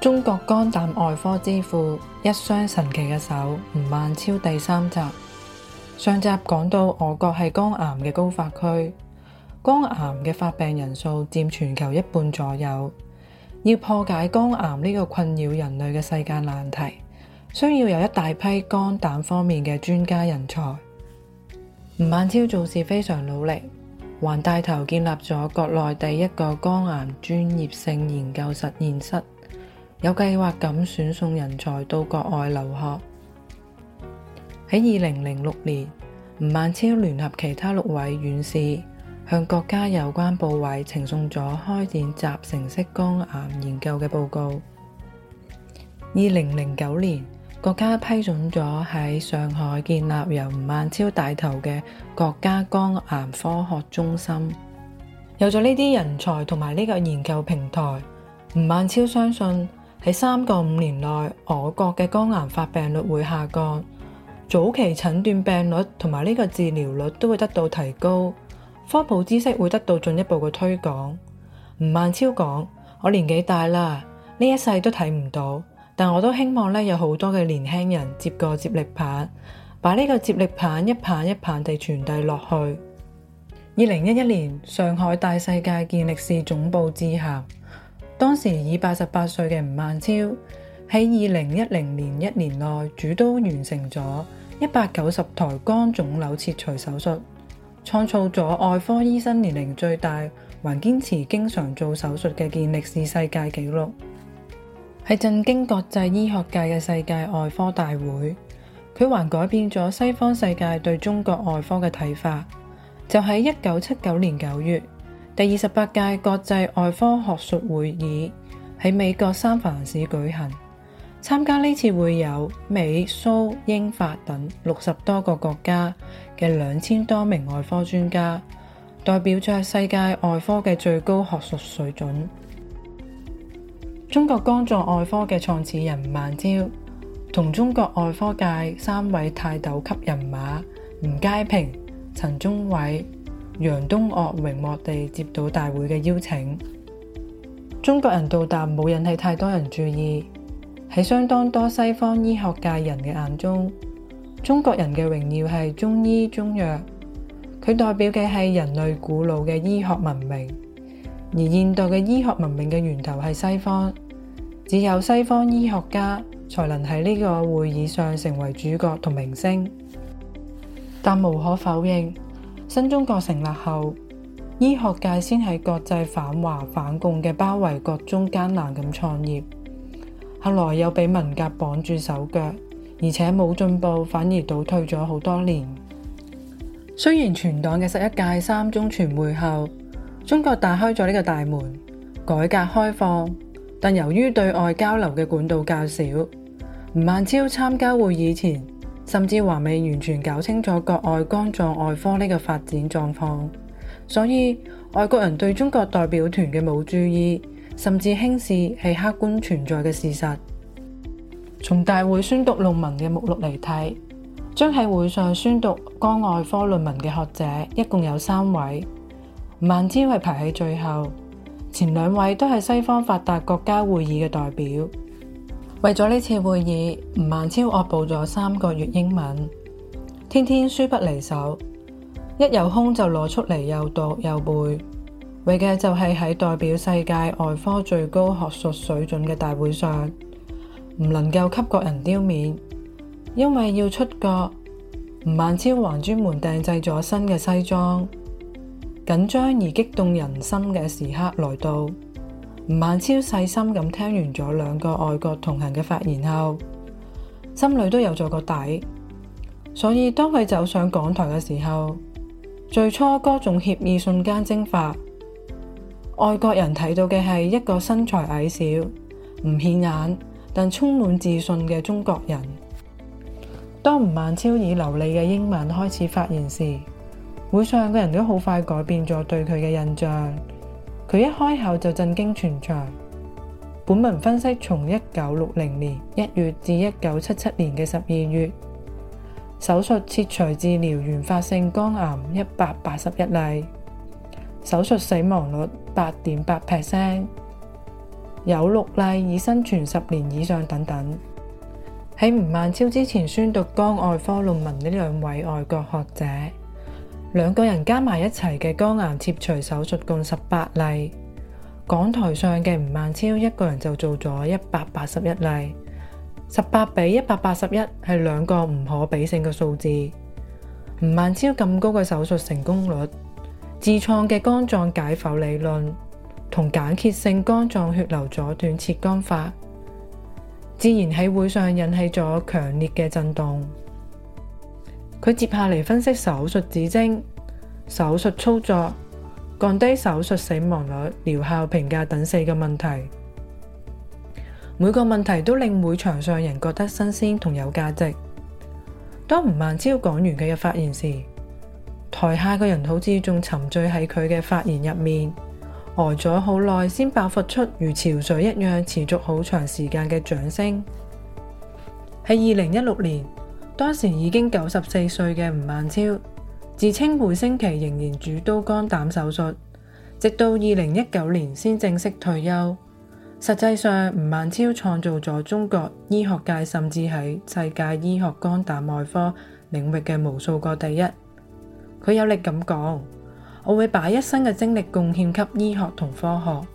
中國肝膽外科之父，一雙神奇嘅手。吳孟超第三集，上集講到我國係肝癌嘅高發區，肝癌嘅發病人數佔全球一半左右。要破解肝癌呢個困擾人類嘅世界難題，需要有一大批肝膽方面嘅專家人才。吳孟超做事非常努力，還帶頭建立咗國內第一個肝癌專業性研究實驗室。有計劃咁選送人才到國外留學。喺二零零六年，吳孟超聯合其他六位院士，向國家有關部委呈送咗開展集成式肝癌研究嘅報告。二零零九年，國家批准咗喺上海建立由吳孟超帶頭嘅國家肝癌科學中心。有咗呢啲人才同埋呢個研究平台，吳孟超相信。喺三個五年內，我國嘅肝癌發病率會下降，早期診斷病率同埋呢個治療率都會得到提高，科普知識會得到進一步嘅推廣。吳孟超講：我年紀大啦，呢一世都睇唔到，但我都希望咧有好多嘅年輕人接過接力棒，把呢個接力棒一棒一棒地傳遞落去。二零一一年，上海大世界健力士總部致函。當時已八十八歲嘅吳孟超，喺二零一零年一年內主刀完成咗一百九十台肝腫瘤切除手術，創造咗外科醫生年齡最大還堅持經常做手術嘅健力士世界紀錄。喺震驚國際醫學界嘅世界外科大會，佢還改變咗西方世界對中國外科嘅睇法。就喺一九七九年九月。第二十八屆國際外科學術會議喺美國三藩市舉行，參加呢次會有美、蘇、英、法等六十多個國家嘅兩千多名外科專家，代表着世界外科嘅最高學術水準。中國肝臟外科嘅創始人孟超同中國外科界三位泰斗級人馬吳階平、陳忠偉，楊東嶽榮莫地接到大會嘅邀請，中國人到達冇引起太多人注意。喺相當多西方醫學界人嘅眼中，中國人嘅榮耀係中醫中藥，佢代表嘅係人類古老嘅醫學文明。而現代嘅醫學文明嘅源頭係西方，只有西方醫學家才能喺呢個會議上成為主角同明星。但無可否認。新中國成立後，醫學界先喺國際反華反共嘅包圍國中艱難咁創業，後來又被文革綁住手腳，而且冇進步，反而倒退咗好多年。雖然全黨嘅十一屆三中全會後，中國打開咗呢個大門，改革開放，但由於對外交流嘅管道較少，吳孟超參加會議前，甚至還未完全搞清楚國外肝臟外科呢個發展狀況，所以外國人對中國代表團嘅冇注意甚至輕視係客觀存在嘅事實。從大會宣讀論文嘅目錄嚟睇，將喺會上宣讀肝外科論文嘅學者一共有三位，吳孟超排喺最後，前兩位都係西方發達國家會議嘅代表。為咗呢次會議，吳孟超惡補咗三個月英文，天天書不離手，一有空就攞出嚟又讀又背，為嘅就係喺代表世界外科最高學術水準嘅大會上，唔能夠給國人丟面。因為要出國，吳孟超還專門訂製咗新嘅西裝。緊張而激動人心嘅時刻來到。吳孟超細心咁聽完咗兩個外國同行嘅發言後，心裏都有咗個底，所以當佢走上講台嘅時候，最初嗰種怯意瞬間蒸發。外國人睇到嘅係一個身材矮小、唔顯眼但充滿自信嘅中國人。當吳孟超以流利嘅英文開始發言時，會上嘅人都好快改變咗對佢嘅印象。佢一開口就震驚全場。本文分析從一九六零年一月至一九七七年嘅十二月，手術切除治療原發性肝癌一百八十一例，手術死亡率八點八 percent，有六例已生存十年以上等等。喺吳孟超之前宣讀肝外科論文呢兩位外國學者。兩個人加埋一齊嘅肝癌切除手術共十八例，講台上嘅吳孟超一個人就做咗一百八十一例，十八比一百八十一係兩個唔可比性嘅數字。吳孟超咁高嘅手術成功率，自創嘅肝臟解剖理論同間歇性肝臟血流阻斷切肝法，自然喺會上引起咗強烈嘅震動。佢接下嚟分析手術指徵、手術操作、降低手術死亡率、療效評價等四個問題。每個問題都令會場上人覺得新鮮同有價值。當吳孟超講完佢嘅發言時，台下嘅人好似仲沉醉喺佢嘅發言入面，呆咗好耐先爆發出如潮水一樣持續好長時間嘅掌聲。喺二零一六年。當時已經九十四歲嘅吳孟超，自稱每星期仍然主刀肝膽手術，直到二零一九年先正式退休。實際上，吳孟超創造咗中國醫學界，甚至喺世界醫學肝膽外科領域嘅無數個第一。佢有力咁講：我會把一生嘅精力貢獻給醫學同科學。